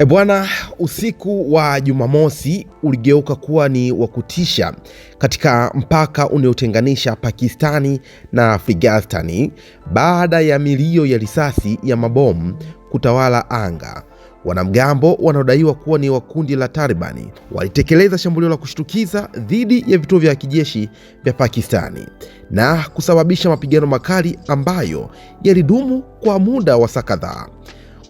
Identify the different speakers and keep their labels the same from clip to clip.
Speaker 1: E bwana, usiku wa Jumamosi uligeuka kuwa ni wa kutisha katika mpaka unaotenganisha Pakistani na Afghanistani baada ya milio ya risasi ya mabomu kutawala anga. Wanamgambo wanaodaiwa kuwa ni wa kundi la Talibani walitekeleza shambulio la kushtukiza dhidi ya vituo vya kijeshi vya Pakistani na kusababisha mapigano makali ambayo yalidumu kwa muda wa saa kadhaa.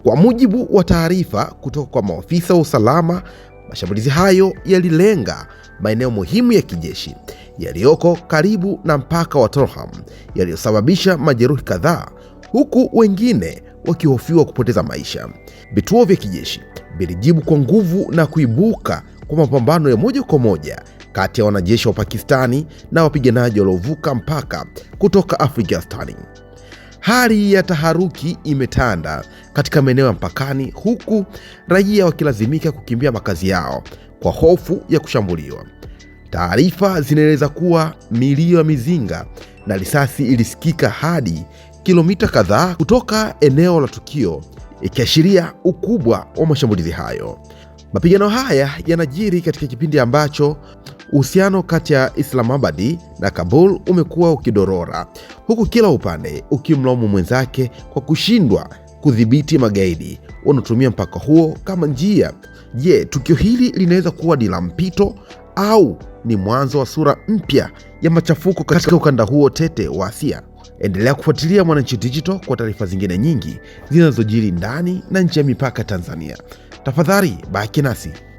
Speaker 1: Kwa mujibu wa taarifa kutoka kwa maofisa wa usalama, mashambulizi hayo yalilenga maeneo muhimu ya kijeshi yaliyoko karibu na mpaka wa Torham yaliyosababisha majeruhi kadhaa, huku wengine wakihofiwa kupoteza maisha. Vituo vya kijeshi vilijibu kwa nguvu na kuibuka kwa mapambano ya moja kwa moja kati ya wanajeshi wa Pakistani na wapiganaji waliovuka mpaka kutoka Afghanistan. Hali ya taharuki imetanda katika maeneo ya mpakani, huku raia wakilazimika kukimbia makazi yao kwa hofu ya kushambuliwa. Taarifa zinaeleza kuwa milio ya mizinga na risasi ilisikika hadi kilomita kadhaa kutoka eneo la tukio, ikiashiria ukubwa wa mashambulizi hayo. Mapigano haya yanajiri katika kipindi ambacho uhusiano kati ya Islamabadi na Kabul umekuwa ukidorora, huku kila upande ukimlaumu mwenzake kwa kushindwa kudhibiti magaidi wanaotumia mpaka huo kama njia. Je, tukio hili linaweza kuwa ni la mpito au ni mwanzo wa sura mpya ya machafuko katika ukanda huo tete wa Asia? Endelea kufuatilia Mwananchi Digital kwa taarifa zingine nyingi zinazojiri ndani na nje ya mipaka Tanzania. Tafadhali baki nasi.